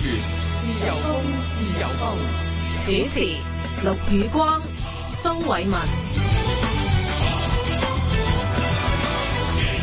自由風，自由風。自由風主持：陸雨光、蘇偉文。Okay.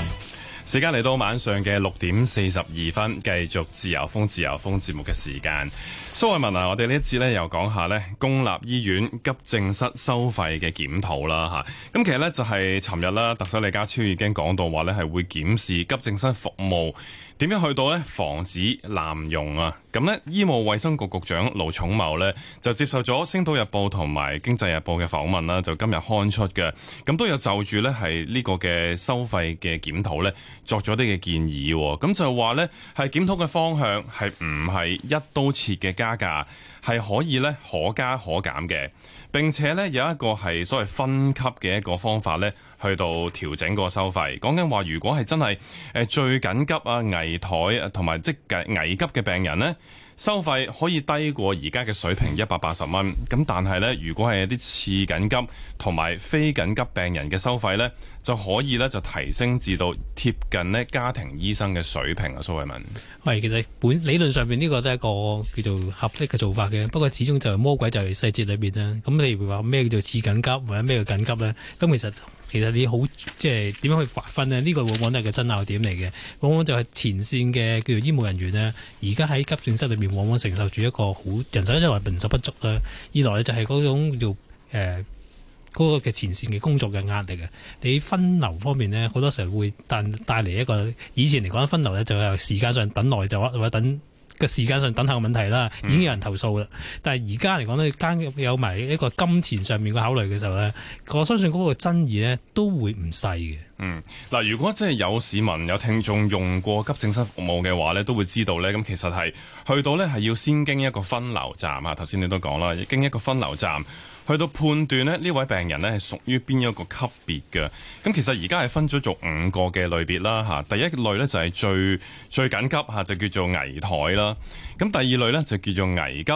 時間嚟到晚上嘅六點四十二分，繼續自由風、自由風節目嘅時間。蘇偉文啊，我哋呢一節呢又講下呢公立醫院急症室收費嘅檢討啦，吓，咁其實呢，就係尋日啦，特首李家超已經講到話呢係會檢視急症室服務，點樣去到呢，防止濫用啊？咁呢，醫務衛生局局長盧寵茂呢，就接受咗《星島日報》同埋《經濟日報》嘅訪問啦，就今日刊出嘅。咁都有就住呢，係呢個嘅收費嘅檢討呢，作咗啲嘅建議。咁就話呢，係檢討嘅方向係唔係一刀切嘅加價，係可以呢，可加可減嘅，並且呢，有一個係所謂分級嘅一個方法呢。去到調整個收費，講緊話，如果係真係最緊急啊危殆啊同埋即危急嘅病人呢，收費可以低過而家嘅水平一百八十蚊。咁但係呢，如果係一啲次緊急同埋非緊急病人嘅收費呢，就可以呢就提升至到貼近呢家庭醫生嘅水平啊。蘇慧文，喂，其實本理論上面呢個都係一個叫做合適嘅做法嘅。不過始終就係魔鬼就係細節裏面呢。咁你會話咩叫做次緊急或者咩叫緊急呢？咁其實。其實你好，即係點樣去劃分呢？呢、呢個往往係一個爭拗點嚟嘅。往往就係前線嘅叫做醫務人員呢，而家喺急症室裏面，往往承受住一個好人手，一來人手不足啦、啊，二來就係嗰種叫，誒、呃、嗰、嗰個嘅前線嘅工作嘅壓力嘅、啊、你分流方面呢，好多時候會帶嚟一個以前嚟講分流呢就係時間上等耐就或者等。個時間上等候嘅問題啦，已經有人投訴啦。嗯、但係而家嚟講呢加有埋一個金錢上面嘅考慮嘅時候呢，我相信嗰個爭議呢都會唔細嘅。嗯，嗱，如果真係有市民有聽眾用過急症室服務嘅話呢，都會知道呢。咁其實係去到呢，係要先經一個分流站啊。頭先你都講啦，經一個分流站。去到判斷咧，呢位病人咧，係屬於邊一個級別嘅？咁其實而家係分咗做五個嘅類別啦吓。第一類咧，就係最最緊急吓，就叫做危殆啦。咁第二類咧，就叫做危急。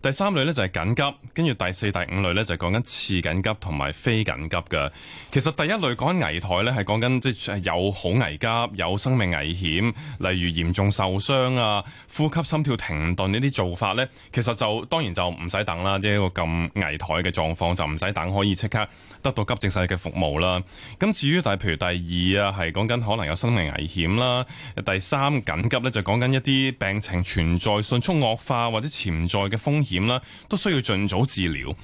第三類呢就係緊急，跟住第四、第五類呢就係講緊次緊急同埋非緊急嘅。其實第一類講緊危殆呢，係講緊即係有好危急、有生命危險，例如嚴重受傷啊、呼吸心跳停頓呢啲做法呢，其實就當然就唔使等啦，即係一個咁危殆嘅狀況就唔使等，可以即刻得到急症室嘅服務啦。咁至於第譬如第二啊，係講緊可能有生命危險啦。第三緊急呢，就講、是、緊一啲病情存在信迅速惡化或者潛在嘅風險。險啦，都需要盡早治療。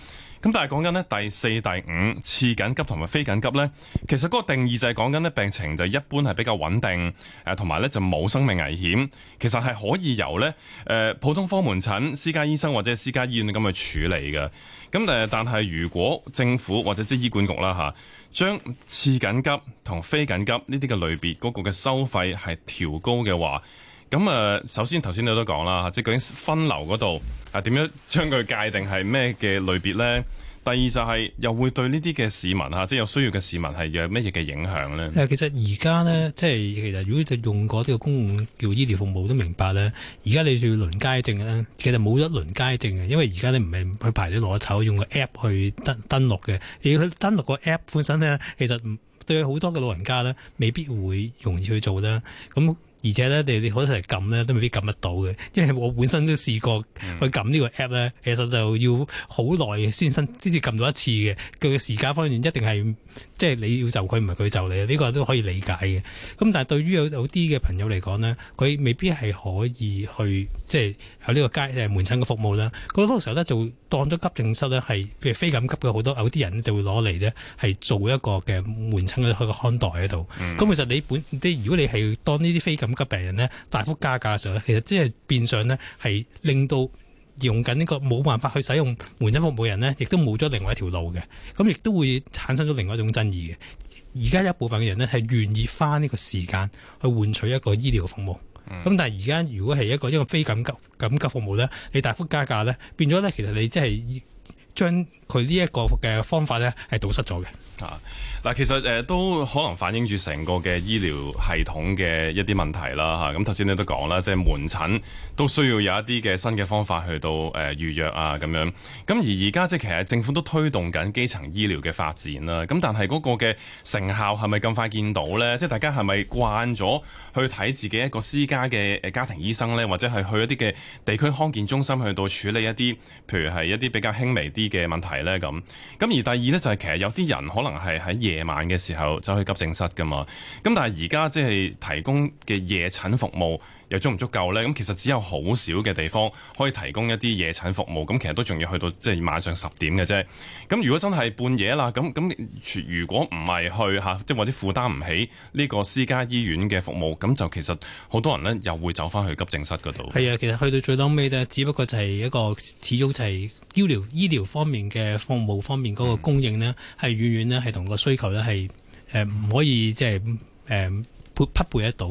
咁但係講緊咧第四、第五次緊急同埋非緊急呢，其實嗰個定義就係講緊咧病情就一般係比較穩定，誒同埋呢就冇生命危險。其實係可以由咧誒普通科門診、私家醫生或者私家醫院咁去處理嘅。咁誒，但係如果政府或者即醫管局啦吓，將次緊急同非緊急呢啲嘅類別嗰個嘅收費係調高嘅話，咁啊，首先頭先你都講啦，即係究竟分流嗰度啊，點樣將佢界定係咩嘅類別咧？第二就係、是，又會對呢啲嘅市民吓，即係有需要嘅市民係有咩嘢嘅影響咧？誒，其實而家咧，即係其實如果就用過呢個公共叫醫療服務都明白咧，而家你要輪街症咧，其實冇一輪街症嘅，因為而家你唔係去排隊攞籌用個 app 去登登錄嘅。而佢登錄個 app，本身咧其實對好多嘅老人家咧，未必會容易去做啦。咁而且咧，你哋好多時係撳咧都未必撳得到嘅，因為我本身都試過去撳呢個 app 咧，其實就要好耐先先先至撳到一次嘅。佢嘅時間方面一定係即係你要就佢唔係佢就你，呢個都可以理解嘅。咁但係對於有有啲嘅朋友嚟講咧，佢未必係可以去即係有呢個街誒門診嘅服務啦。佢好多時候咧做，當咗急症室咧，係譬如非緊急嘅，好多有啲人就會攞嚟咧，係做一個嘅門診去一個看待喺度。咁、嗯、其實你本即如果你係當呢啲非緊急病人咧，大幅加價嘅時候咧，其實即係變相咧係令到用緊呢個冇辦法去使用門診服務嘅人咧，亦都冇咗另外一條路嘅。咁亦都會產生咗另外一種爭議嘅。而家一部分嘅人咧，係願意花呢個時間去換取一個醫療嘅服務。咁、嗯、但係而家如果係一個一個非緊急緊急服務咧，你大幅加價咧，變咗咧其實你即係將。佢呢一個嘅方法呢係堵塞咗嘅。啊，嗱，其實誒都可能反映住成個嘅醫療系統嘅一啲問題啦。嚇，咁頭先你都講啦，即係門診都需要有一啲嘅新嘅方法去到誒預約啊，咁樣。咁而而家即係其實政府都推動緊基層醫療嘅發展啦。咁但係嗰個嘅成效係咪咁快見到呢？即係大家係咪慣咗去睇自己一個私家嘅誒家庭醫生呢？或者係去一啲嘅地區康健中心去到處理一啲，譬如係一啲比較輕微啲嘅問題呢？咧咁，咁而第二咧就係其實有啲人可能係喺夜晚嘅時候走去急症室㗎嘛，咁但係而家即係提供嘅夜診服務，又足唔足夠咧？咁其實只有好少嘅地方可以提供一啲夜診服務，咁其實都仲要去到即係晚上十點嘅啫。咁如果真係半夜啦，咁咁如果唔係去吓，即係或者負擔唔起呢個私家醫院嘅服務，咁就其實好多人呢又會走翻去急症室嗰度。係啊，其實去到最尾呢，只不過就係一個，始終就係醫療醫療方面嘅服務方面嗰個供應呢，係、嗯、遠遠呢係同個需求呢係誒唔可以即係誒。就是嗯匹配得到。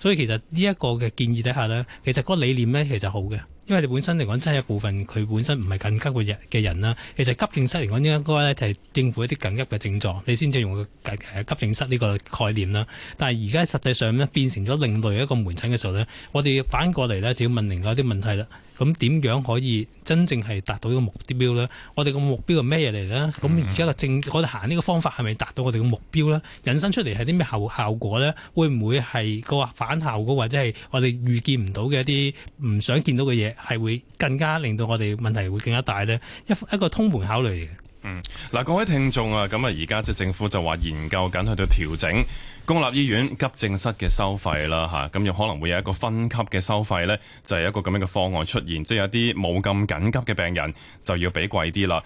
所以其實呢一個嘅建議底下呢，其實嗰個理念呢其實好嘅，因為你本身嚟講真係一部分佢本身唔係緊急嘅人嘅人啦，其實急症室嚟講應該呢，就係應付一啲緊急嘅症狀，你先至用急症室呢個概念啦。但係而家實際上呢變成咗另類一個門診嘅時候呢，我哋反過嚟呢，就要問另外一啲問題啦。咁點樣可以真正係達到呢個目的標呢？我哋個目標係咩嘢嚟呢？咁而家個政我哋行呢個方法係咪達到我哋嘅目標呢？引申出嚟係啲咩後效果呢？會唔會係個反效果或者係我哋預見唔到嘅一啲唔想見到嘅嘢，係會更加令到我哋問題會更加大呢？一一個通盤考慮嘅。嗯，嗱，各位聽眾啊，咁啊，而家即係政府就話研究緊去到調整。公立醫院急症室嘅收費啦，吓，咁又可能會有一個分級嘅收費呢，就係一個咁樣嘅方案出現，即係有啲冇咁緊急嘅病人就要俾貴啲啦。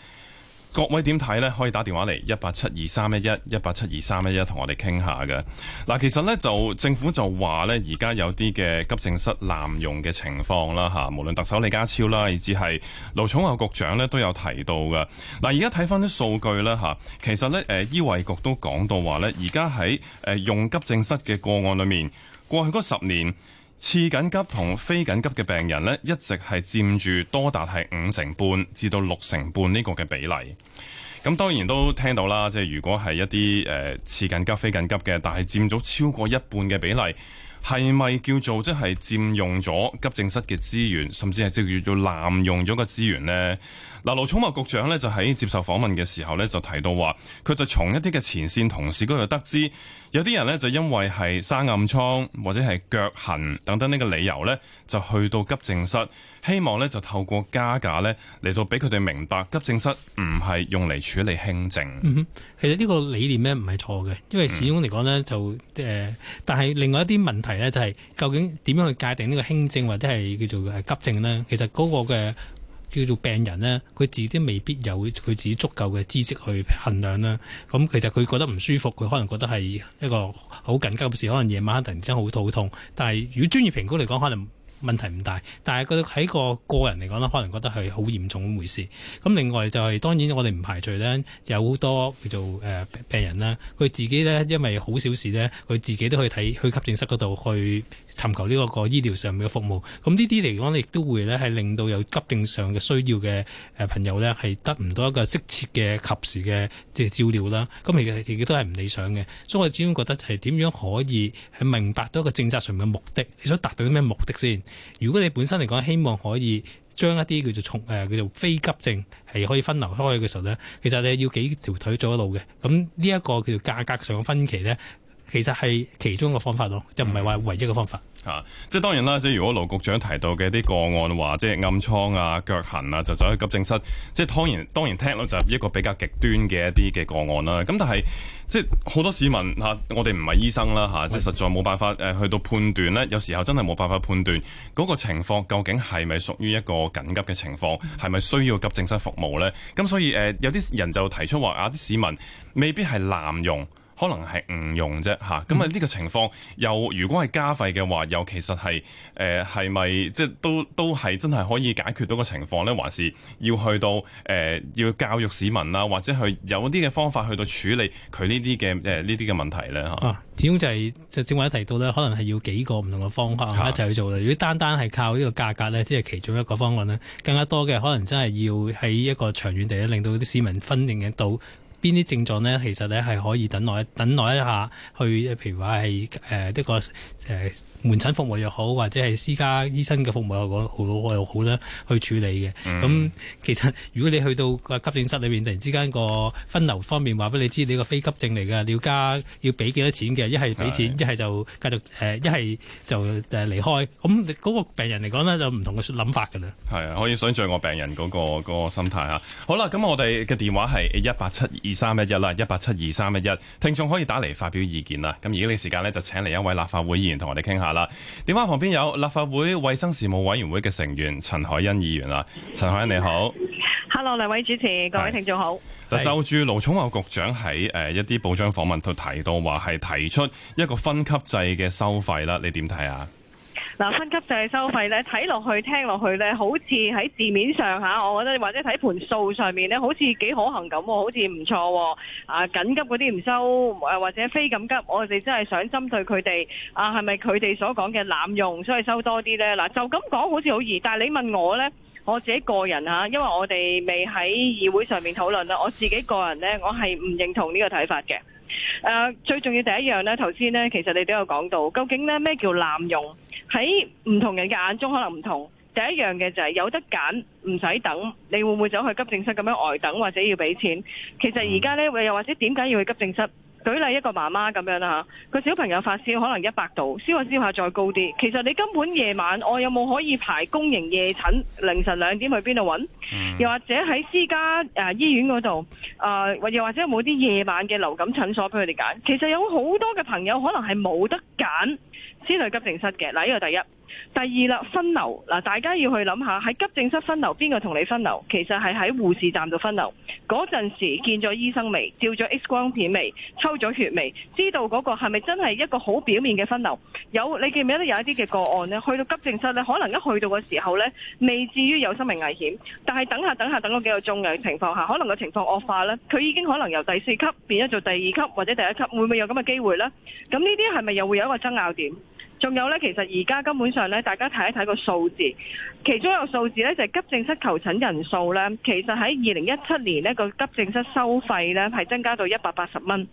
各位點睇呢？可以打電話嚟一八七二三一一一八七二三一一同我哋傾下嘅嗱。其實呢，就政府就話呢，而家有啲嘅急症室濫用嘅情況啦吓，無論特首李家超啦，以至係盧寵茂局長呢，都有提到嘅嗱。而家睇翻啲數據啦吓，其實呢，誒醫衞局都講到話呢，而家喺用急症室嘅個案裏面，過去嗰十年，次緊急同非緊急嘅病人呢，一直係佔住多達係五成半至到六成半呢個嘅比例。咁當然都聽到啦，即係如果係一啲誒、呃、次緊急非緊急嘅，但係佔咗超過一半嘅比例，係咪叫做即係佔用咗急症室嘅資源，甚至係即叫做濫用咗個資源呢？嗱，盧寵茂局長咧就喺接受訪問嘅時候呢就提到話，佢就從一啲嘅前線同事嗰度得知，有啲人呢就因為係生暗瘡或者係腳痕等等呢個理由呢就去到急症室，希望呢就透過加價呢嚟到俾佢哋明白，急症室唔係用嚟處理輕症，嗯。其實呢個理念呢唔係錯嘅，因為始終嚟講呢，就、呃、誒，但係另外一啲問題呢，就係究竟點樣去界定呢個輕症或者係叫做係急症呢？其實嗰個嘅。叫做病人呢，佢自己未必有佢自己足夠嘅知識去衡量啦。咁其實佢覺得唔舒服，佢可能覺得係一個好緊急嘅事。可能夜晚突然之間好肚痛，但係如果專業評估嚟講，可能問題唔大。但係佢喺個個人嚟講咧，可能覺得係好嚴重嘅一回事。咁另外就係，當然我哋唔排除呢，有好多叫做誒病人啦，佢自己呢，因為好小事呢，佢自己都可以睇去急症室嗰度去。尋求呢個個醫療上面嘅服務，咁呢啲嚟講亦都會咧係令到有急症上嘅需要嘅呃朋友呢係得唔到一個適切嘅及時嘅即係照料啦。咁其實都係唔理想嘅，所以我始終覺得係點樣可以係明白到一個政策上面嘅目的，你想達到啲咩目的先？如果你本身嚟講希望可以將一啲叫做重、呃、叫做非急症係可以分流開嘅時候呢，其實你要幾條腿做一路嘅。咁呢一個叫做價格上嘅分歧呢，其實係其中一個方法咯，就唔係話唯一嘅方法。啊！即係當然啦，即係如果盧局長提到嘅啲個案話，即係暗瘡啊、腳痕啊，就走去急症室，即係當然當然聽落就係一個比較極端嘅一啲嘅個案啦。咁但係即係好多市民、吓、我哋唔係醫生啦、吓、即係實在冇辦法誒去到判斷咧，有時候真係冇辦法判斷嗰個情況究竟係咪屬於一個緊急嘅情況，係咪需要急症室服務咧？咁所以誒、啊，有啲人就提出話啊，啲市民未必係濫用。可能係唔用啫吓，咁啊呢個情況又如果係加費嘅話，又其實係誒係咪即係都都係真係可以解決到個情況呢？還是要去到誒、呃、要教育市民啦，或者去有啲嘅方法去到處理佢呢啲嘅誒呢啲嘅問題呢？啊，始終就係、是、就正話一提到呢，可能係要幾個唔同嘅方法一齊去做啦。是的 如果單單係靠呢個價格呢，即、就、係、是、其中一個方案呢，更加多嘅可能真係要喺一個長遠地咧，令到啲市民分認得到。邊啲症狀呢？其實呢係可以等耐，等耐一下去，譬如話係誒呢個誒門診服務又好，或者係私家醫生嘅服務又好，我好又好啦去處理嘅。咁、嗯、其實如果你去到個急症室裏面，突然之間個分流方面話俾你知，你個非急症嚟嘅，你要加要俾幾多錢嘅，一係俾錢，一係是就繼續誒，一、呃、係就誒離開。咁嗰個病人嚟講呢，就唔同嘅諗法㗎啦。係啊，可以想象我病人嗰、嗰個、嗰個心態啊。好啦，咁我哋嘅電話係一八七二。二三一一啦，一八七二三一一，聽眾可以打嚟發表意見啦。咁而家呢時間咧，就請嚟一位立法會議員同我哋傾下啦。電話旁邊有立法會衛生事務委員會嘅成員陳凱欣議員啦，陳凱欣你好，Hello，兩位主持，各位聽眾好。嗱，就住盧寵茂局長喺誒一啲報章訪問度提到話係提出一個分級制嘅收費啦，你點睇啊？嗱，分級制收費咧，睇落去聽落去咧，好似喺字面上吓，我覺得或者睇盤數上面咧，好似幾可行咁，好似唔錯。啊，緊急嗰啲唔收，誒或者非緊急，我哋真係想針對佢哋啊，係咪佢哋所講嘅濫用，所以收多啲咧？嗱，就咁講好似好易，但係你問我咧，我自己個人吓，因為我哋未喺議會上面討論啦，我自己個人咧，我係唔認同呢個睇法嘅。誒，最重要第一樣咧，頭先咧，其實你都有講到，究竟咧咩叫濫用？喺唔同人嘅眼中可能唔同，第一樣嘅就係、是、有得揀，唔使等。你會唔會走去急症室咁樣呆等，或者要畀錢？其實而家呢，又或者點解要去急症室？舉例一個媽媽咁樣啦，佢、啊、小朋友發燒可能一百度，燒下燒下再高啲。其實你根本夜晚，我有冇可以排公營夜診？凌晨兩點去邊度揾？嗯、又或者喺私家誒、呃、醫院嗰度、呃？又或者有冇啲夜晚嘅流感診所畀佢哋揀？其實有好多嘅朋友可能係冇得揀。先去急症室嘅，嗱、這、呢個第一，第二啦分流。嗱，大家要去諗下喺急症室分流邊個同你分流，其實係喺護士站度分流，嗰陣時見咗醫生未，照咗 X 光片未，抽咗血未，知道嗰個係咪真係一個好表面嘅分流？有你記唔記得有一啲嘅個案呢？去到急症室呢，可能一去到嘅時候呢，未至於有生命危險，但係等下等下等咗幾個鐘嘅情況下，可能個情況惡化呢，佢已經可能由第四級變咗做第二級或者第一級，會唔會有咁嘅機會呢？咁呢啲係咪又會有一個爭拗點？仲有呢，其實而家根本上呢，大家睇一睇個數字，其中一個數字呢，就係急症室求診人數呢，其實喺二零一七年呢個急症室收費呢，係增加到一百八十蚊，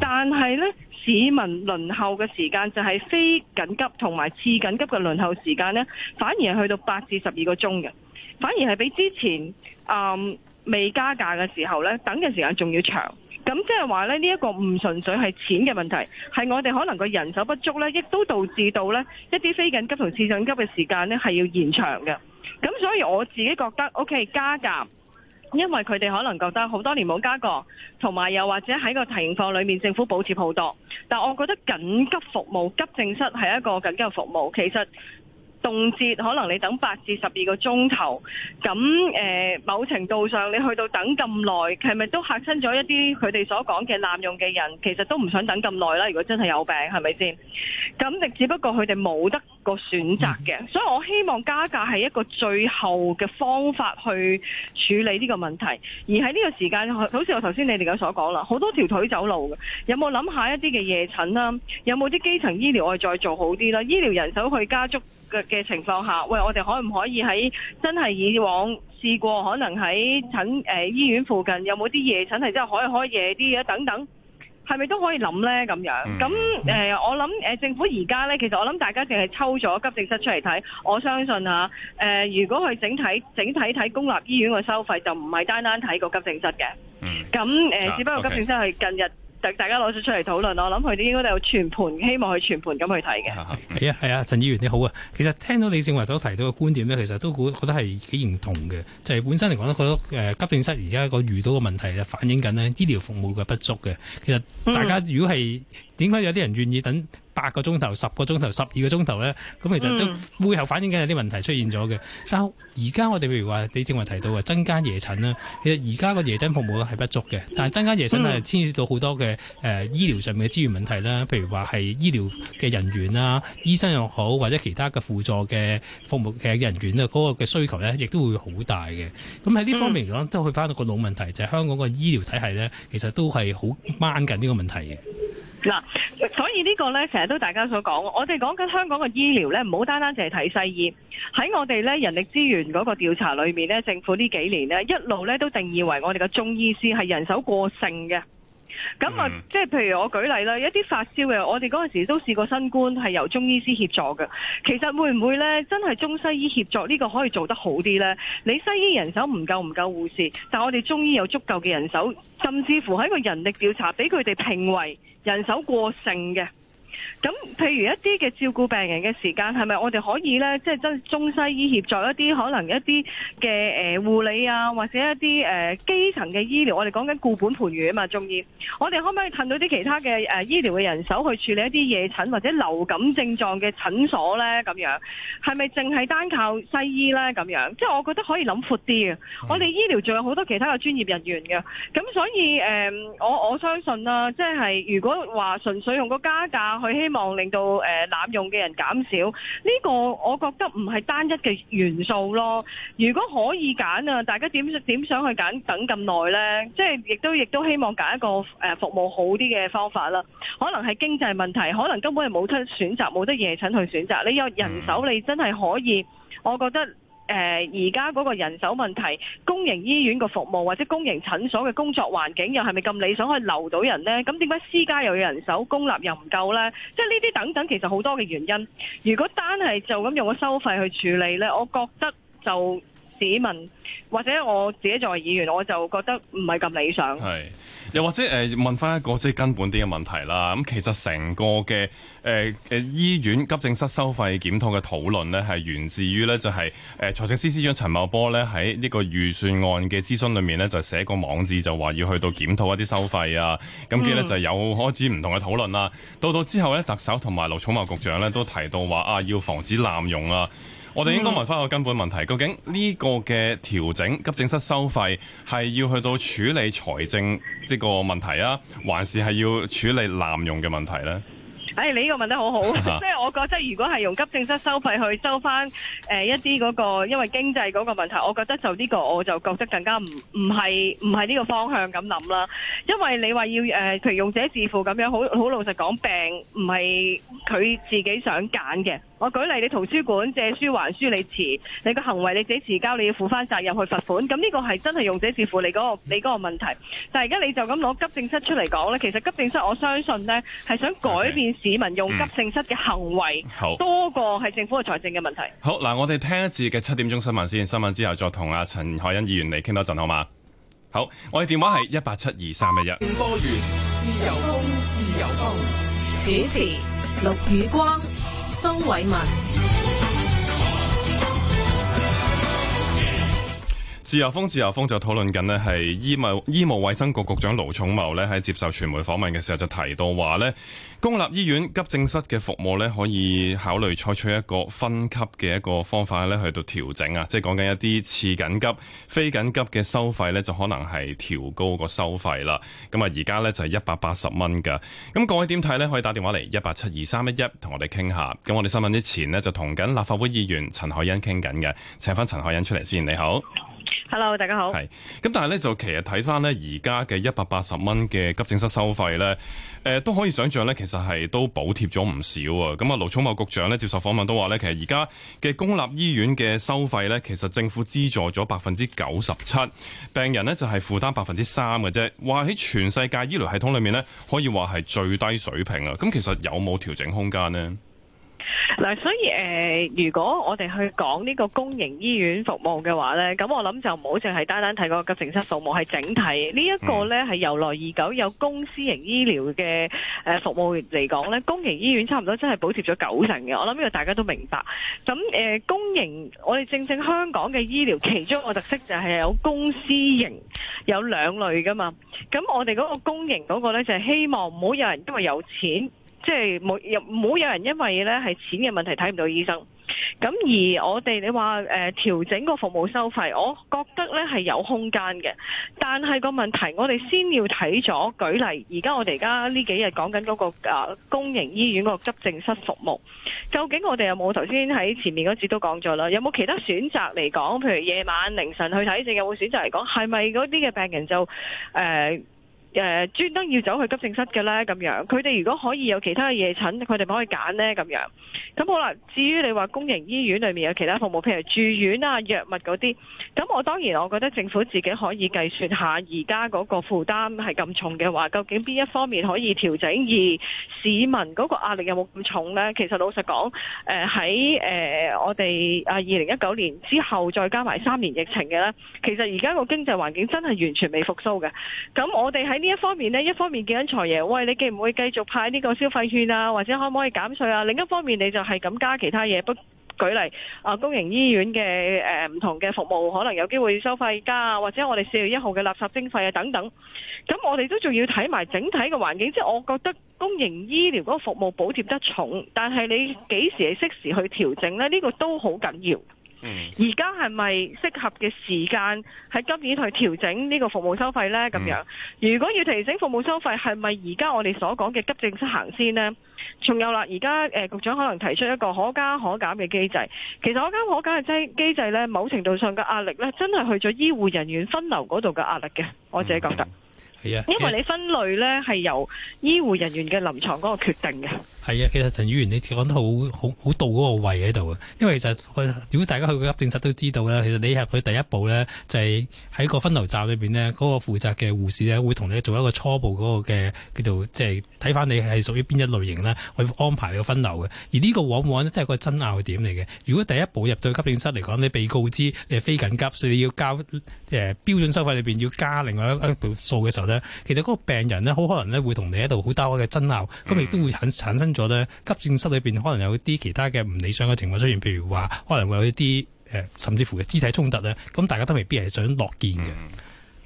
但係呢，市民輪候嘅時間就係非緊急同埋次緊急嘅輪候時間呢，反而係去到八至十二個鐘嘅，反而係比之前啊、嗯、未加價嘅時候呢，等嘅時間仲要長。咁即係話咧，呢一個唔純粹係錢嘅問題，係我哋可能個人手不足呢亦都導致到呢一啲非緊急同次緊急嘅時間呢係要延長嘅。咁所以我自己覺得，OK 加價，因為佢哋可能覺得好多年冇加過，同埋又或者喺個情況裏面政府補貼好多，但我覺得緊急服務，急症室係一個緊急服務，其實。動輒可能你等八至十二個鐘頭，咁誒、呃，某程度上你去到等咁耐，係咪都嚇親咗一啲佢哋所講嘅濫用嘅人？其實都唔想等咁耐啦。如果真係有病，係咪先？咁亦只不過佢哋冇得個選擇嘅，所以我希望加價係一個最後嘅方法去處理呢個問題。而喺呢個時間，好似我頭先你哋咁所講啦，好多條腿走路嘅，有冇諗下一啲嘅夜診啦？有冇啲基層醫療我哋再做好啲啦？醫療人手去加足。嘅情況下，喂，我哋可唔可以喺真係以往試過，可能喺診誒、呃、醫院附近有冇啲夜診，係即係可以可以開夜啲啊？等等，係咪都可以諗呢？咁樣咁誒、嗯呃，我諗誒、呃、政府而家呢，其實我諗大家淨係抽咗急症室出嚟睇，我相信嚇誒、啊呃，如果佢整體整體睇公立醫院嘅收費，就唔係單單睇個急症室嘅，咁誒、嗯，呃、只不過急症室係近日。大家攞咗出嚟討論，我諗佢哋應該都有全盤，希望佢全盤咁去睇嘅。係啊、嗯，係啊， 陳議員你好啊，其實聽到李正華所提到嘅觀點咧，其實都覺得係幾 認同嘅，就係、係、本身嚟講咧，覺得誒急症室而家個遇到嘅問題就反映緊呢醫療服務嘅不足嘅。其實大家如果係點解有啲人願意等八個鐘頭、十個鐘頭、十二個鐘頭呢？咁其實都背後反映緊有啲問題出現咗嘅。但而家我哋譬如話，你正話提到啊，增加夜診啦，其實而家個夜診服務咧係不足嘅。但係增加夜診係牽涉到好多嘅誒醫療上面嘅資源問題啦，譬如話係醫療嘅人員啦、醫生又好，或者其他嘅輔助嘅服務嘅人員啦，嗰個嘅需求呢，亦都會好大嘅。咁喺呢方面嚟講，都去翻到個老問題，就係香港個醫療體系呢，其實都係好掹緊呢個問題嘅。嗱，所以呢個呢，成日都大家所講，我哋講緊香港嘅醫療呢，唔好單單淨係睇西醫，喺我哋呢人力資源嗰個調查裏面呢，政府呢幾年呢，一路呢都定義為我哋嘅中醫師係人手過剩嘅。咁啊，即係、嗯、譬如我舉例啦，一啲發燒嘅，我哋嗰陣時都試過新冠係由中醫師協助嘅。其實會唔會呢，真係中西醫協助呢個可以做得好啲呢？你西醫人手唔夠，唔夠護士，但係我哋中醫有足夠嘅人手，甚至乎喺一個人力調查，俾佢哋評為人手過剩嘅。咁譬如一啲嘅照顧病人嘅時間係咪我哋可以呢？即係真中西醫協助一啲可能一啲嘅誒護理啊，或者一啲誒、呃、基層嘅醫療，我哋講緊固本盤源啊嘛中醫，我哋可唔可以褪到啲其他嘅誒、呃、醫療嘅人手去處理一啲夜診或者流感症狀嘅診所呢？咁樣係咪淨係單靠西醫呢？咁樣即係我覺得可以諗闊啲啊！我哋醫療仲有好多其他嘅專業人員嘅，咁所以誒、呃、我我相信啦，即係如果話純粹用個加價去。佢希望令到誒濫用嘅人減少，呢個我覺得唔係單一嘅元素咯。如果可以揀啊，大家點點想去揀，等咁耐呢？即係亦都亦都希望揀一個誒服務好啲嘅方法啦。可能係經濟問題，可能根本係冇得選擇，冇得夜診去選擇。你有人手，你真係可以，我覺得。誒而家嗰個人手問題，公營醫院個服務或者公營診所嘅工作環境又係咪咁理想可以留到人呢？咁點解私家又有人手，公立又唔夠呢？即係呢啲等等，其實好多嘅原因。如果單係就咁用個收費去處理呢，我覺得就。市民或者我自己作為議員，我就覺得唔係咁理想。係又或者誒、呃、問翻一個即係根本啲嘅問題啦。咁、嗯、其實成個嘅誒誒醫院急症室收費檢討嘅討論呢，係源自於呢，就係誒財政司司長陳茂波呢，喺呢個預算案嘅諮詢裡面呢，就寫個網誌就話要去到檢討一啲收費啊。咁、嗯、跟住呢，就有開始唔同嘅討論啦。到到之後呢，特首同埋盧寵茂局長呢，都提到話啊，要防止濫用啊。我哋應該問返個根本問題，究竟呢個嘅調整急症室收費係要去到處理財政呢個問題啊，還是係要處理濫用嘅問題呢？誒、哎，你呢個問得好好，即 係我覺得，如果係用急症室收費去收翻誒、呃、一啲嗰、那個，因為經濟嗰個問題，我覺得就呢個我就覺得更加唔唔係唔係呢個方向咁諗啦。因為你話要誒、呃，譬如用者自負咁樣，好好老實講，病唔係佢自己想揀嘅。我舉例，你圖書館借書還書你遲，你個行為你自己遲交，你要負翻責任去罰款。咁呢個係真係用者自負你嗰、那個你嗰個問題。但係而家你就咁攞急症室出嚟講咧，其實急症室我相信咧係想改變。市民用急症室嘅行為，嗯、好多過係政府嘅財政嘅問題。好嗱，我哋聽一次嘅七點鐘新聞先，新聞之後再同阿陳凱欣議員嚟傾多陣好嗎？好，我哋電話係一八七二三一一。多餘，自由風，自由風，主持陸宇光、蘇偉文。自由風，自由風就討論緊呢係醫務醫務衛生局局長盧寵茂呢喺接受傳媒訪問嘅時候就提到話呢公立醫院急症室嘅服務呢可以考慮採取一個分級嘅一個方法呢去到調整啊，即係講緊一啲次緊急、非緊急嘅收費呢，就可能係調高個收費啦。咁啊，而家呢就係一百八十蚊㗎。咁各位點睇呢？可以打電話嚟一八七二三一一同我哋傾下。咁我哋新聞之前呢，就同緊立法會議員陳凱欣傾緊嘅，請返陳凱欣出嚟先。你好。hello，大家好。係，咁但係咧就其實睇翻咧而家嘅一百八十蚊嘅急症室收費咧，誒都可以想像咧，其實係都補貼咗唔少啊。咁啊，盧寵茂局長咧接受訪問都話咧，其實而家嘅公立醫院嘅收費咧，其實政府資助咗百分之九十七，病人咧就係負擔百分之三嘅啫。話喺全世界醫療系統裏面咧，可以話係最低水平啊。咁其實有冇調整空間呢？嗱，所以誒、呃，如果我哋去講呢個公營醫院服務嘅話呢，咁我諗就唔好淨係單單睇個急症室服務，係整體呢一、這個呢，係由來已久，有公私營醫療嘅誒、呃、服務嚟講呢，公營醫院差唔多真係補貼咗九成嘅，我諗呢個大家都明白。咁誒、呃，公營我哋正正香港嘅醫療其中一個特色就係有公私營有兩類噶嘛。咁我哋嗰個公營嗰個呢，就係、是、希望唔好有人因為有錢。即係冇有冇有人因為呢係錢嘅問題睇唔到醫生，咁而我哋你話、呃、調整個服務收費，我覺得呢係有空間嘅，但係個問題我哋先要睇咗。舉例，而家我哋而家呢幾日講緊嗰個、呃、公營醫院個急症室服務，究竟我哋有冇頭先喺前面嗰節都講咗啦？有冇其他選擇嚟講？譬如夜晚凌晨去睇症有冇選擇嚟講？係咪嗰啲嘅病人就誒？呃誒專登要走去急症室嘅咧，咁樣佢哋如果可以有其他嘅夜診，佢哋咪可以揀呢？咁樣咁好啦。至於你話公營醫院裏面有其他服務，譬如住院啊、藥物嗰啲，咁我當然我覺得政府自己可以計算下，而家嗰個負擔係咁重嘅話，究竟邊一方面可以調整，而市民嗰個壓力有冇咁重呢？其實老實講，誒喺誒我哋啊二零一九年之後再加埋三年疫情嘅咧，其實而家個經濟環境真係完全未復甦嘅。咁我哋喺呢一方面呢，一方面見緊財爺，喂，你既唔會繼續派呢個消費券啊，或者可唔可以減稅啊？另一方面，你就係咁加其他嘢，不舉例啊，公營醫院嘅呃，唔同嘅服務可能有機會收費加，或者我哋四月一號嘅垃圾徵費啊等等。咁我哋都仲要睇埋整體嘅環境，即係我覺得公營醫療嗰個服務補貼得重，但係你幾時係適時去調整呢？呢、呢個都好緊要。而家係咪適合嘅時間喺今年去調整呢個服務收費呢？咁樣，嗯、如果要提升服務收費，係咪而家我哋所講嘅急症室行先呢？仲有啦，而家誒局長可能提出一個可加可減嘅機制。其實可加可減嘅機機制呢，某程度上嘅壓力呢，真係去咗醫護人員分流嗰度嘅壓力嘅。我自己覺得、嗯嗯嗯嗯、因為你分類呢，係由醫護人員嘅臨床嗰個決定嘅。係啊，其實陳議員你講得好好好到嗰個位喺度啊，因為其實如果大家去過急症室都知道啦，其實你入去第一步咧，就係、是、喺個分流站裏邊呢，嗰、那個負責嘅護士咧會同你做一個初步嗰、那個嘅叫做即係睇返你係屬於邊一類型咧，會安排個分流嘅。而呢個往往咧都係個爭拗嘅點嚟嘅。如果第一步入到急症室嚟講，你被告知你係非緊急，所以你要交誒、呃、標準收費裏邊要加另外一個數嘅時候呢，其實嗰個病人呢，好可能咧會同你喺度好大個嘅爭拗，咁亦都會產產生。急症室裏邊可能有啲其他嘅唔理想嘅情況出現，譬如話可能會有一啲誒、呃，甚至乎嘅肢體衝突咧，咁大家都未必係想樂見嘅。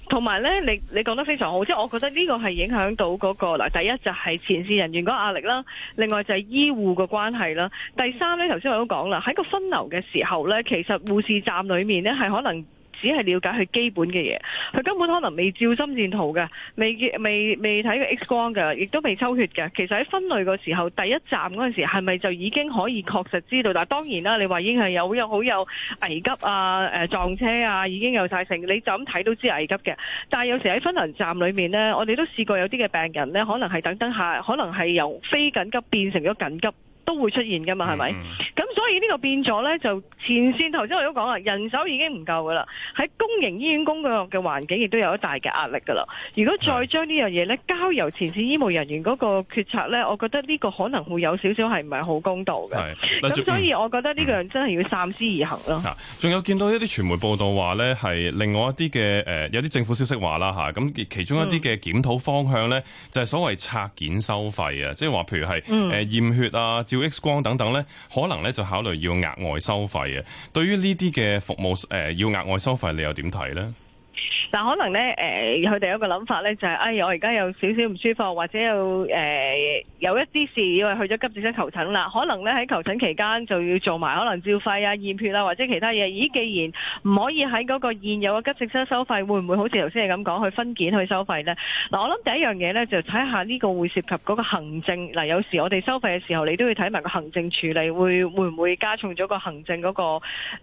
同埋咧，你你講得非常好，即係我覺得呢個係影響到嗰、嗰個第一就係前線人員嗰個壓力啦，另外就係醫護嘅關係啦。第三咧，頭先我都講啦，喺個分流嘅時候咧，其實護士站裏面呢係可能。只係了解佢基本嘅嘢，佢根本可能未照心電圖嘅，未未未睇過 X 光嘅，亦都未抽血嘅。其實喺分類嘅時候，第一站嗰陣時係咪就已經可以確實知道？嗱，當然啦，你話已經係有有好有危急啊、呃，撞車啊，已經有晒成，你就咁睇都知危急嘅。但係有時喺分層站裏面呢，我哋都試過有啲嘅病人呢，可能係等等下，可能係由非緊急變成咗緊急，都會出現噶嘛，係咪、嗯？係咪呢個變咗呢，就前線頭先我都講喇，人手已經唔夠噶啦，喺公營醫院工作嘅環境亦都有一大嘅壓力噶啦。如果再將呢樣嘢呢，交由前線醫務人員嗰個決策呢，我覺得呢個可能會有少少係唔係好公道嘅。咁所以我覺得呢個真係要三思而行咯。仲、嗯嗯、有見到一啲傳媒報道話呢，係另外一啲嘅誒，有啲政府消息話啦嚇，咁其中一啲嘅檢討方向呢，就係所謂拆檢收費啊，即係話譬如係誒驗血啊、照 X 光等等呢，可能呢就考類要額外收費嘅，對於呢啲嘅服務誒、呃、要額外收費，你又點睇呢？嗱，但可能咧，誒，佢哋有個諗法咧，就係，哎，我而家有少少唔舒服，或者有，誒，有一啲事要係去咗急症室求診啦。可能咧喺求診期間就要做埋可能照肺啊、驗血啊或者其他嘢。咦，既然唔可以喺嗰個現有嘅急症室收費，會唔會好似頭先你咁講，去分件去收費呢？嗱，我諗第一樣嘢咧，就睇下呢個會涉及嗰個行政。嗱，有時我哋收費嘅時候，你都要睇埋個行政處理會會唔會加重咗個行政嗰個，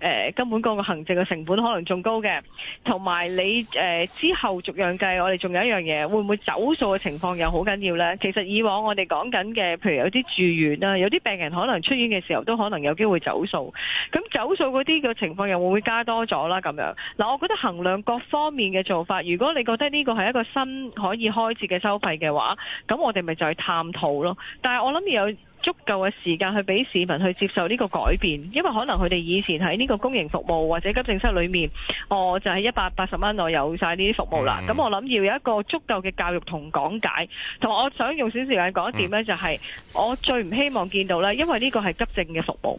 誒，根本嗰個行政嘅成本可能仲高嘅。同埋你。你、呃、之後逐樣計，我哋仲有一樣嘢，會唔會走數嘅情況又好緊要呢？其實以往我哋講緊嘅，譬如有啲住院啦，有啲病人可能出院嘅時候都可能有機會走數，咁走數嗰啲嘅情況又會唔會加多咗啦咁樣。嗱，我覺得衡量各方面嘅做法，如果你覺得呢個係一個新可以開設嘅收費嘅話，咁我哋咪就去探討咯。但係我諗有足夠嘅時間去俾市民去接受呢個改變，因為可能佢哋以前喺呢個公營服務或者急症室裏面，我、哦、就係一百八十蚊內有晒呢啲服務啦。咁、嗯、我諗要有一個足夠嘅教育同講解，同我想用少少時間講一點呢、就係，就係、嗯、我最唔希望見到呢，因為呢個係急症嘅服務。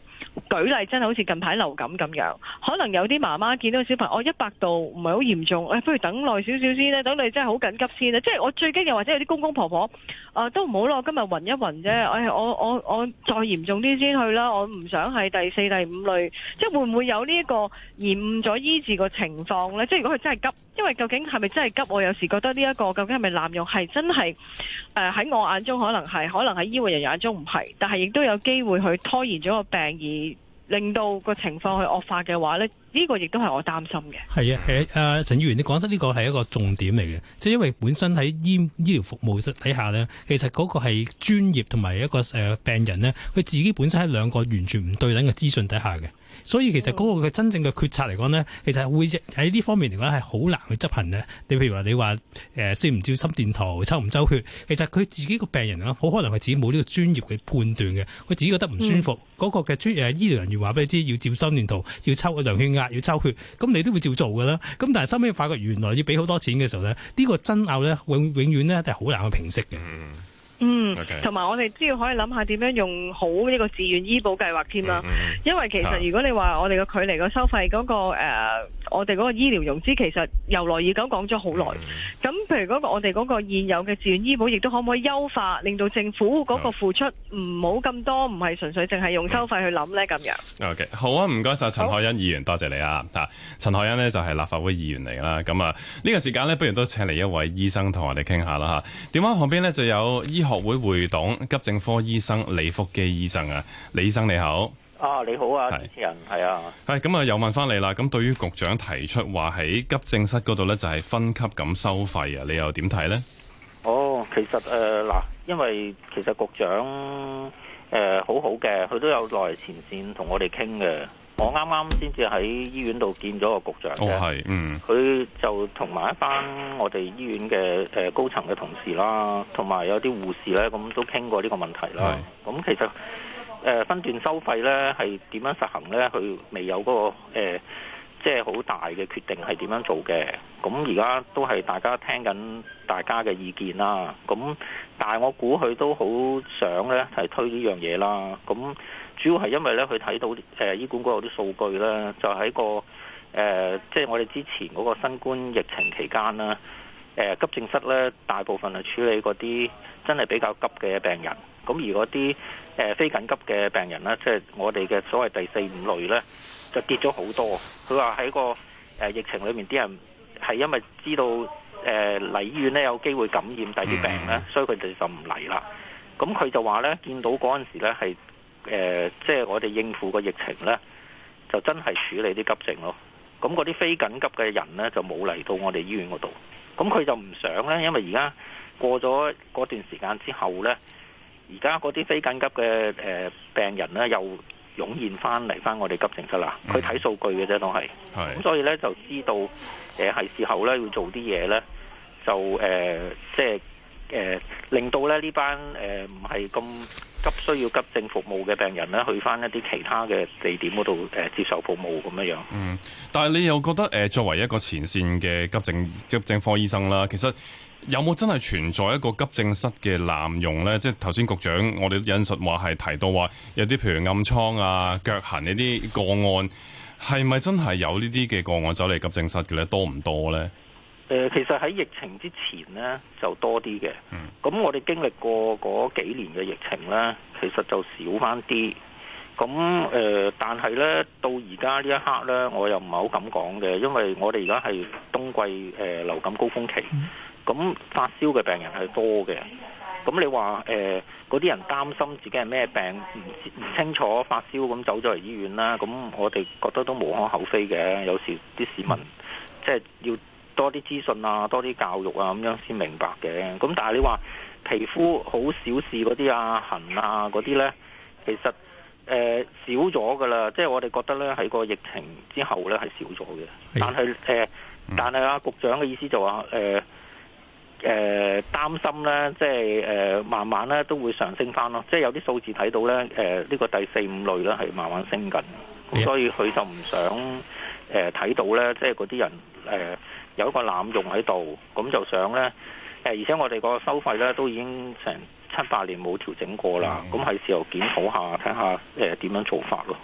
舉例真係好似近排流感咁樣，可能有啲媽媽見到個小朋友一百度嚴重，唔係好嚴重，不如等耐少少先呢。等你真係好緊急先呢。即係我最驚又或者有啲公公婆婆，呃、都唔好咯，今日暈一暈啫、嗯哎，我我。我我再嚴重啲先去啦，我唔想係第四、第五類，即係會唔會有呢一個延誤咗醫治個情況呢？即係如果佢真係急，因為究竟係咪真係急？我有時覺得呢一個究竟係咪濫用，係真係喺我眼中可能係，可能喺醫護人眼中唔係，但係亦都有機會去拖延咗個病，而令到個情況去惡化嘅話呢。呢個亦都係我擔心嘅。係啊，係、呃、啊，陳議員，你講得呢個係一個重點嚟嘅，即係因為本身喺醫醫療服務底下呢，其實嗰個係專業同埋一個誒、呃、病人呢，佢自己本身喺兩個完全唔對等嘅資訊底下嘅，所以其實嗰個嘅真正嘅決策嚟講呢，其實會喺呢方面嚟講係好難去執行呢。你譬如話你話誒先唔照心電圖，抽唔抽血，其實佢自己個病人啊，好可能佢自己冇呢個專業嘅判斷嘅，佢自己覺得唔舒服，嗰、嗯、個嘅專誒、呃、醫療人員話俾你知要照心電圖，要抽一兩圈。要抽血，咁你都會照做㗎啦。咁但係收尾發覺原來要俾好多錢嘅時候咧，呢、這個爭拗咧永永遠咧係好難去平息嘅。嗯，嗯，同埋我哋都要可以諗下點樣用好呢個自願醫保計劃添啦。因為其實如果你話我哋嘅距離嘅收費嗰、那個誒。啊呃我哋嗰個醫療融資其實由來已久，講咗好耐。咁譬如嗰個我哋嗰個現有嘅自願醫保，亦都可唔可以優化，令到政府嗰個付出唔好咁多，唔係純粹淨係用收費去諗呢？咁樣。OK，好啊，唔該晒。陳凱欣議員，好多謝你啊。啊，陳凱欣呢，就係、是、立法會議員嚟啦。咁啊，呢、這個時間呢，不如都請嚟一位醫生同我哋傾下啦嚇。電話旁邊呢，就有醫學會會董急症科醫生李福基醫生啊，李醫生你好。啊，你好啊，主是持人，係啊，係咁啊，又問翻你啦。咁對於局長提出話喺急症室嗰度呢，就係分級咁收費啊，你又點睇呢？哦，其實誒，嗱、呃，因為其實局長誒、呃、好好嘅，佢都有來前線同我哋傾嘅。我啱啱先至喺醫院度見咗個局長，哦係，嗯，佢就同埋一班我哋醫院嘅誒、呃、高層嘅同事啦，同埋有啲護士咧，咁都傾過呢個問題啦。咁是、嗯、其實。誒、呃、分段收費咧，係點樣實行咧？佢未有嗰、那個、呃、即係好大嘅決定係點樣做嘅？咁而家都係大家聽緊大家嘅意見啦。咁、嗯、但係我估佢都好想咧係推呢樣嘢啦。咁、嗯、主要係因為咧，佢睇到誒、呃、醫管局有啲數據啦，就喺、是、個誒，即、呃、係、就是、我哋之前嗰個新冠疫情期間啦，誒、呃、急症室咧大部分係處理嗰啲真係比較急嘅病人。咁、嗯、而嗰啲誒非緊急嘅病人咧，即係我哋嘅所謂第四五類咧，就跌咗好多。佢話喺個誒疫情裏面啲人係因為知道誒嚟醫院咧有機會感染第二啲病咧，所以佢哋就唔嚟啦。咁佢就話咧，見到嗰陣時咧係誒，即係我哋應付個疫情咧，就真係處理啲急症咯。咁嗰啲非緊急嘅人咧就冇嚟到我哋醫院嗰度。咁佢就唔想咧，因為而家過咗嗰段時間之後咧。而家嗰啲非緊急嘅誒、呃、病人咧，又湧現翻嚟翻我哋急症室啦。佢睇、嗯、數據嘅啫，當係的，咁所以咧就知道誒係、呃、時候咧要做啲嘢咧，就誒、呃、即係誒、呃、令到咧呢這班誒唔係咁急需要急症服務嘅病人咧，去翻一啲其他嘅地點嗰度誒接受服務咁樣樣。嗯，但係你又覺得誒、呃、作為一個前線嘅急症急症科醫生啦，其實。有冇真係存在一個急症室嘅濫用呢？即係頭先局長，我哋引述話係提到話有啲，譬如暗瘡啊、腳痕呢啲個案，係咪真係有呢啲嘅個案走嚟急症室嘅咧？多唔多呢？誒，其實喺疫情之前呢，就多啲嘅。嗯，咁我哋經歷過嗰幾年嘅疫情呢，其實就少翻啲。咁誒、呃，但係呢，到而家呢一刻呢，我又唔係好敢講嘅，因為我哋而家係冬季誒、呃、流感高峰期。嗯咁發燒嘅病人係多嘅，咁你話誒嗰啲人擔心自己係咩病，唔唔清楚發燒咁走咗嚟醫院啦，咁我哋覺得都無可厚非嘅。有時啲市民即係、就是、要多啲資訊啊，多啲教育啊，咁樣先明白嘅。咁但係你話皮膚好小事嗰啲啊痕啊嗰啲呢，其實誒、呃、少咗噶啦，即、就、係、是、我哋覺得呢，喺個疫情之後呢，係少咗嘅。但係、呃、但係啊，局長嘅意思就話誒誒、呃、擔心咧，即係誒、呃、慢慢咧都會上升翻咯，即係有啲數字睇到咧，誒、呃、呢、這個第四五類咧係慢慢升緊，咁、啊、所以佢就唔想誒睇、呃、到咧，即係嗰啲人誒、呃、有一個濫用喺度，咁就想咧誒、呃，而且我哋個收費咧都已經成七八年冇調整過啦，咁係、啊、時候檢討下睇下誒點樣做法咯。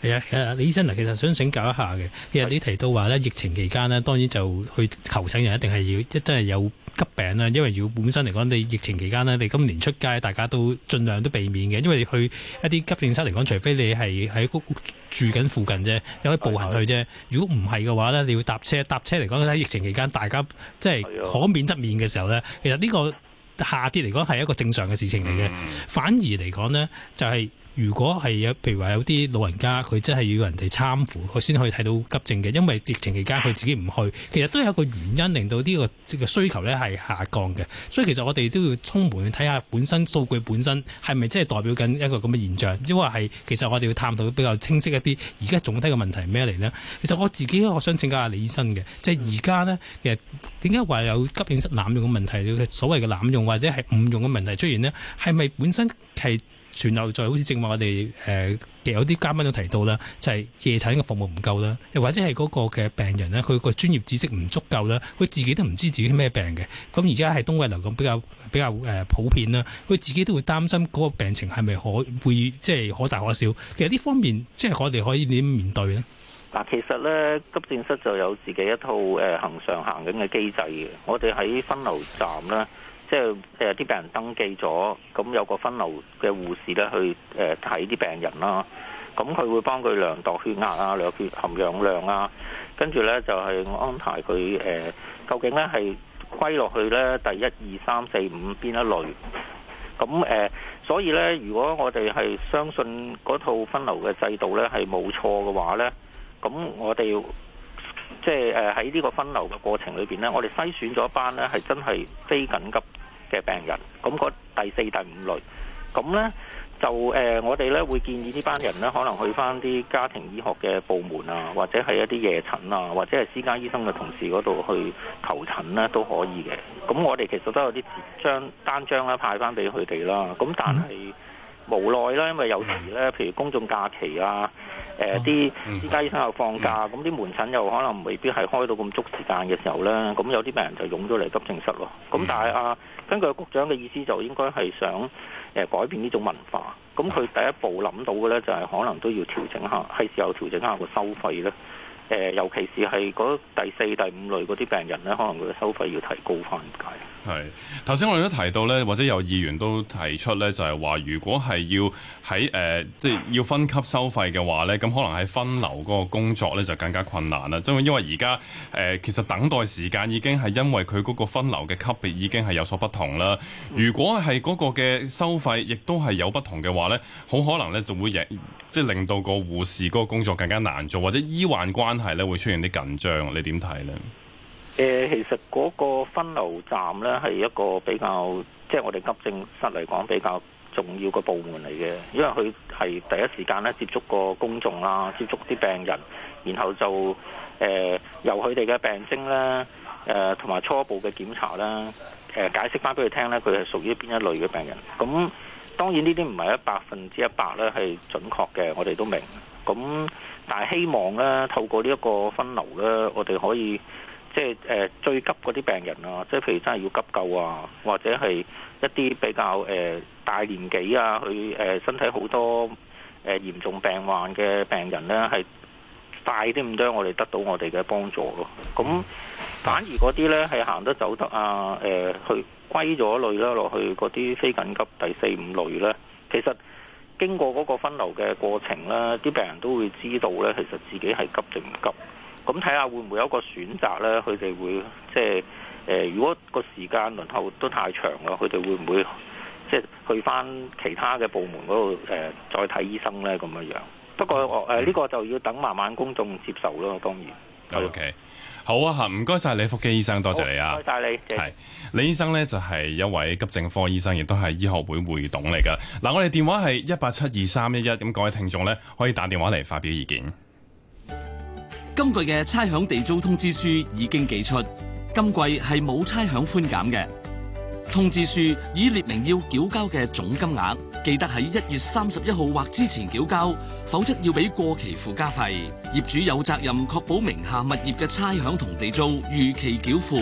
係啊，誒李醫生嗱，其實想請教一下嘅，其實你提到話咧，疫情期間咧，當然就去求診人，一定係要即真係有。急病啦，因為要本身嚟講，你疫情期間咧，你今年出街大家都盡量都避免嘅，因為你去一啲急症室嚟講，除非你係喺屋住緊附近啫，又可以步行去啫。如果唔係嘅話咧，你要搭車，搭車嚟講咧，喺疫情期間大家即係可免則免嘅時候咧，其實呢個下跌嚟講，係一個正常嘅事情嚟嘅，反而嚟講咧就係、是。如果係有，譬如話有啲老人家，佢真係要人哋參扶，佢先可以睇到急症嘅。因為疫情期間佢自己唔去，其實都有一個原因令到呢個即需求咧係下降嘅。所以其實我哋都要充滿去睇下本身數據本身係咪即係代表緊一個咁嘅現象，因為係其實我哋要探討比較清晰一啲。而家總體嘅問題係咩嚟呢？其實我自己我想請教下李醫生嘅，即係而家呢，其實點解話有急症室濫用嘅問題，所謂嘅濫用或者係誤用嘅問題出現呢，係咪本身係？然後再好似正話我哋嘅、呃、有啲嘉賓都提到啦，就係、是、夜診嘅服務唔夠啦，又或者係嗰個嘅病人咧，佢個專業知識唔足夠啦，佢自己都唔知自己咩病嘅。咁而家係東莞流感比較比較、呃、普遍啦，佢自己都會擔心嗰個病情係咪可會即係、就是、可大可小。其實呢方面即係、就是、我哋可以點面對呢？嗱，其實咧急症室就有自己一套、呃、行上行緊嘅機制嘅。我哋喺分流站咧。即係誒，啲病人登記咗，咁有個分流嘅護士咧去誒睇啲病人啦。咁佢會幫佢量度血壓啊，量血含氧量啊。跟住咧就係安排佢誒，究竟咧係歸落去咧第一二三四五邊一類。咁誒，所以咧，如果我哋係相信嗰套分流嘅制度咧係冇錯嘅話咧，咁我哋即係誒喺呢個分流嘅過程裏邊咧，我哋篩選咗一班咧係真係非緊急。嘅病人，咁、那、嗰、個、第四、第五類咁咧就誒、呃、我哋咧會建議這呢班人咧，可能去翻啲家庭醫學嘅部門啊，或者係一啲夜診啊，或者係私家醫生嘅同事嗰度去求診咧，都可以嘅。咁我哋其實都有啲張單張咧，派翻俾佢哋啦。咁但係、嗯、無奈啦，因為有時咧，譬如公眾假期啊，誒、呃、啲私家醫生又放假，咁啲、嗯、門診又可能未必係開到咁足時間嘅時候咧，咁有啲病人就湧咗嚟急症室咯。咁但係啊～咁個局長嘅意思就應該係想誒改變呢種文化，咁佢第一步諗到嘅呢，就係可能都要調整下，係時候調整下個收費呢，呃，尤其是係嗰第四、第五類嗰啲病人呢，可能佢嘅收費要提高翻啲。係，頭先我哋都提到咧，或者有議員都提出咧，就係話，如果係要喺誒，即係要分級收費嘅話咧，咁可能係分流嗰個工作咧就更加困難啦。即係因為因為而家其實等待時間已經係因為佢嗰個分流嘅級別已經係有所不同啦。如果係嗰個嘅收費亦都係有不同嘅話咧，好可能咧就會亦即係令到個護士嗰個工作更加難做，或者醫患關係咧會出現啲緊張。你點睇咧？誒，其實嗰個分流站咧，係一個比較即係、就是、我哋急症室嚟講比較重要嘅部門嚟嘅，因為佢係第一時間咧接觸個公眾啦，接觸啲病人，然後就誒、呃、由佢哋嘅病徵啦，誒同埋初步嘅檢查啦，誒、呃、解釋翻俾佢聽咧，佢係屬於邊一類嘅病人。咁當然呢啲唔係一百分之一百咧係準確嘅，我哋都明。咁但係希望咧透過呢一個分流咧，我哋可以。即係誒、呃、最急嗰啲病人啊，即係譬如真係要急救啊，或者係一啲比較誒、呃、大年紀啊，佢、呃、誒身體好多誒、呃、嚴重病患嘅病人咧，係快啲咁多，我哋得到我哋嘅幫助咯。咁反而嗰啲咧係行得走得啊，誒、呃、去歸咗類啦落去嗰啲非緊急第四五類咧，其實經過嗰個分流嘅過程咧，啲病人都會知道咧，其實自己係急定唔急。咁睇下會唔會有一個選擇咧？佢哋會即係誒、呃，如果個時間輪候都太長啦，佢哋會唔會即係去返其他嘅部門嗰度誒再睇醫生咧？咁樣樣。不過誒呢、呃呢個就要等慢慢公眾接受咯。當然。O、okay. K，好啊嚇，唔該晒李福基醫生，多謝，謝你啊！唔該晒你。係李醫生呢就係一位急症科醫生，亦都係醫學會會董嚟㗎。嗱，我哋電話係一八七二三一一，咁各位聽眾呢可以打電話嚟發表意見。今季嘅差餉地租通知書已經寄出，今季係冇差餉寬減嘅。通知書已列明要繳交嘅總金額，記得喺一月三十一號或之前繳交，否則要俾過期附加費。業主有責任確保名下物業嘅差餉同地租預期繳付。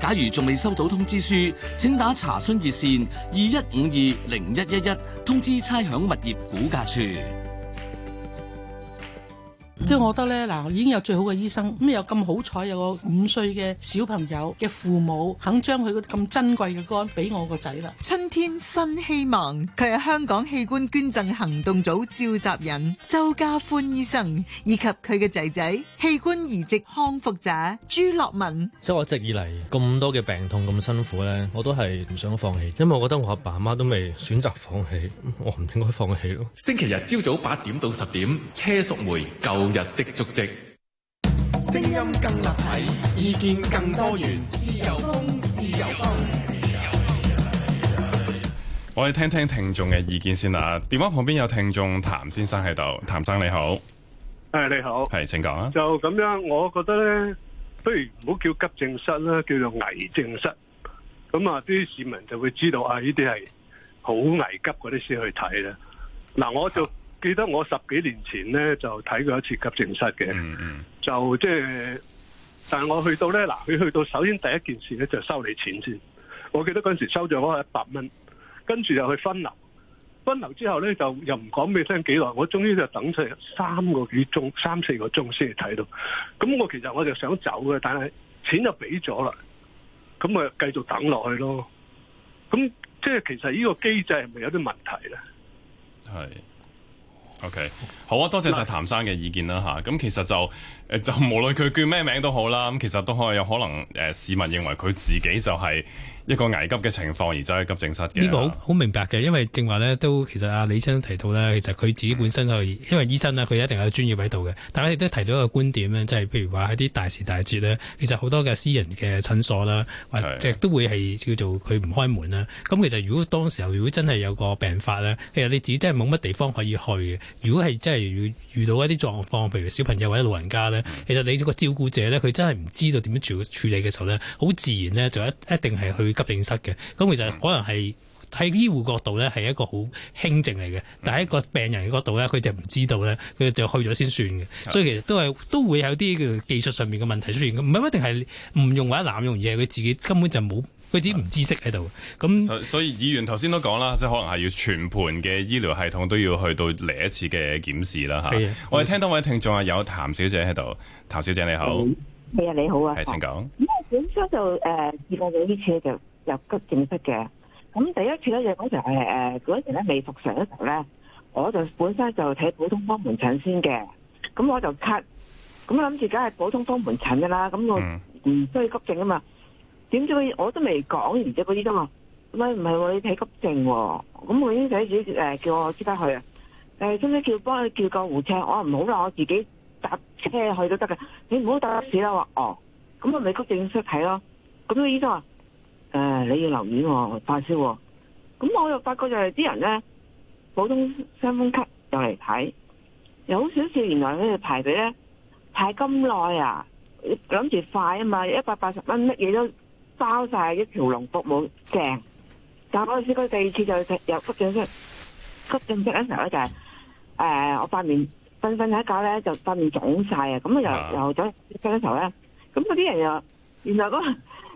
假如仲未收到通知書，請打查詢熱線二一五二零一一一通知差餉物業估價處。嗯、即係我覺得咧，嗱，已經有最好嘅醫生，咁又咁好彩，有個五歲嘅小朋友嘅父母肯將佢嗰啲咁珍貴嘅肝俾我個仔啦。春天新希望，佢係香港器官捐贈行動組召集人周家歡醫生，以及佢嘅仔仔器官移植康復者朱樂文。所以我一直以嚟咁多嘅病痛咁辛苦咧，我都係唔想放棄，因為我覺得我阿爸阿媽都未選擇放棄，我唔應該放棄咯。星期日朝早八點到十點，車淑梅日的足跡，聲音更立體，意見更多元，自由風，自由風，自由風。自由風，我哋聽聽聽眾嘅意見先啦。電話旁邊有聽眾譚先生喺度，譚生，你好，誒、哎、你好，係，請講。就咁樣，我覺得咧，不如唔好叫急症室啦，叫做危症室。咁啊，啲市民就會知道啊，呢啲係好危急嗰啲先去睇啦。嗱，我就。 我記得我十幾年前咧就睇過一次急症室嘅，mm hmm. 就即係，但係我去到咧嗱，佢去到首先第一件事咧就收你錢先。我記得嗰陣時收咗我一百蚊，跟住又去分流，分流之後咧就又唔講俾你聽幾耐，我終於就等咗三個幾鐘、三四個鐘先嚟睇到。咁我其實我就想走嘅，但係錢又俾咗啦，咁啊繼續等落去咯。咁即係其實呢個機制係咪有啲問題咧？係。OK，好啊，多謝晒譚生嘅意見啦吓，咁其實就。就無論佢叫咩名都好啦，咁其實都可以有可能誒，市民認為佢自己就係一個危急嘅情況而走去急症室嘅。呢個好好明白嘅，因為正話咧，都其實阿李醫生提到咧，其實佢自己本身去，嗯、因為醫生啦，佢一定有專業喺度嘅。大家亦都提到一個觀點咧，即係譬如話喺啲大時大節咧，其實好多嘅私人嘅診所啦，或者都會係叫做佢唔開門啦。咁其實如果當時候如果真係有個病發咧，其實你自己真係冇乜地方可以去嘅。如果係真係遇遇到一啲狀況，譬如小朋友或者老人家咧。其實你個照顧者咧，佢真係唔知道點樣處處理嘅時候咧，好自然咧，就一一定係去急症室嘅。咁其實可能係喺醫護角度咧，係一個好輕症嚟嘅。但係一個病人嘅角度咧，佢就唔知道咧，佢就去咗先算嘅。所以其實都係都會有啲嘅技術上面嘅問題出現。唔係一定係唔用或者濫用，而係佢自己根本就冇。佢自己唔知識喺度，咁所以議員頭先都講啦，即係可能係要全盤嘅醫療系統都要去到嚟一次嘅檢視啦，嚇的。的我哋聽到位聽眾啊，有譚小姐喺度，譚小姐你好，係啊，你好啊，請講。咁我本身就誒預防呢次就由急症室嘅，咁第一次咧就嗰、是呃、時係誒嗰時咧未復常嗰時候咧，我就本身就睇普通科門診先嘅，咁我就 cut，咁諗住梗係普通科門診㗎啦，咁我唔需要急症啊嘛。嗯點知佢我都未講，而家嗰啲啫嘛。咁唔係喎，你睇急症喎。咁佢醫生小姐誒叫我即刻去啊。誒、呃，使唔使叫幫佢叫救護車？我話唔好啦，我自己搭車去都得嘅。你唔好搭車啦。話哦，咁、嗯、啊，咪急症室睇咯。咁個醫生話誒，你要留院喎、哦，發燒、哦。咁、嗯、我又發覺就係啲人咧，普通傷風咳又嚟睇，有少少原來咧排隊咧排咁耐啊，諗住快啊嘛，一百八十蚊乜嘢都。包曬一條龍服務正，但嗰陣時佢第二次就又急症室， 急症室嘅時候咧就係、是、誒、呃、我塊面瞓瞓醒覺咧就塊面腫晒啊，咁啊又又走去睇嗰時候咧，咁嗰啲人又原來嗰、那個、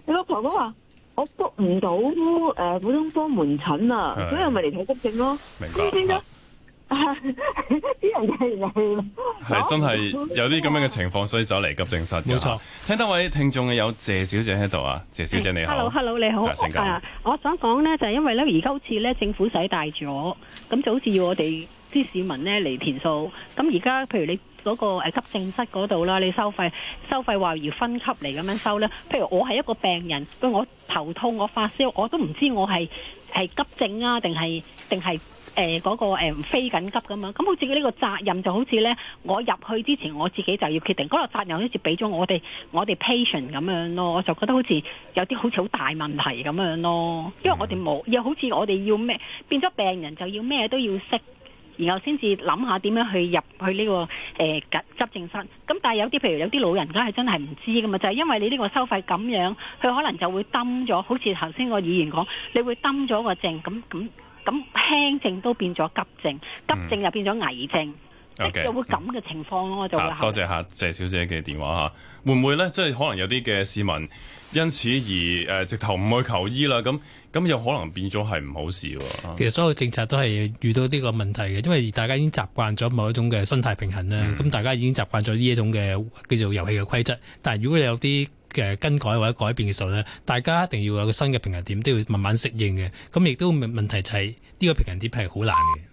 你老婆婆話我覆唔到誒、呃、普通科門診啊，所以咪嚟睇急症咯，明 啲 人真係真係有啲咁樣嘅情況，所以走嚟急症室。冇錯錯，聽多位聽眾嘅有謝小姐喺度啊，謝小姐你好。Hello，Hello，hello, 你好。Yeah, yeah, 我想講呢，就係因為呢，而家好似咧，政府使帶住我，咁就好似要我哋啲市民呢嚟填數。咁而家，譬如你嗰個誒急症室嗰度啦，你收費收費話要分級嚟咁樣收呢。譬如我係一個病人，我頭痛，我發燒，我都唔知我係。係急症啊，定係定係誒嗰個誒、呃、非緊急咁啊？咁好似呢個責任就好似咧，我入去之前我自己就要決定嗰、嗰個責任好，好似俾咗我哋我哋 patient 咁樣咯，我就覺得好似有啲好似好大問題咁樣咯，因為我哋冇又好似我哋要咩變咗病人就要咩都要識。然後先至諗下點樣去入去呢、這個誒急、呃、急症室。咁但係有啲譬如有啲老人家係真係唔知㗎嘛，就係、是、因為你呢個收費咁樣，佢可能就會登咗。好似頭先個議員講，你會登咗個症，咁咁咁輕症都變咗急症，急症又變咗危症。嗯 Okay, 有冇會咁嘅情況咯，我就會多謝一下謝小姐嘅電話吓。會唔會咧？即係可能有啲嘅市民因此而、誒、呃、直頭唔去求醫啦。咁咁又可能變咗係唔好事。其實所有政策都係遇到呢個問題嘅，因為大家已經習慣咗某一種嘅生態平衡啦。咁、嗯、大家已經習慣咗呢一種嘅叫做遊戲嘅規則。但係如果你有啲嘅更改或者改變嘅時候咧，大家一定要有個新嘅平衡點，都要慢慢適應嘅。咁亦都問問題就係呢個平衡點係好難嘅。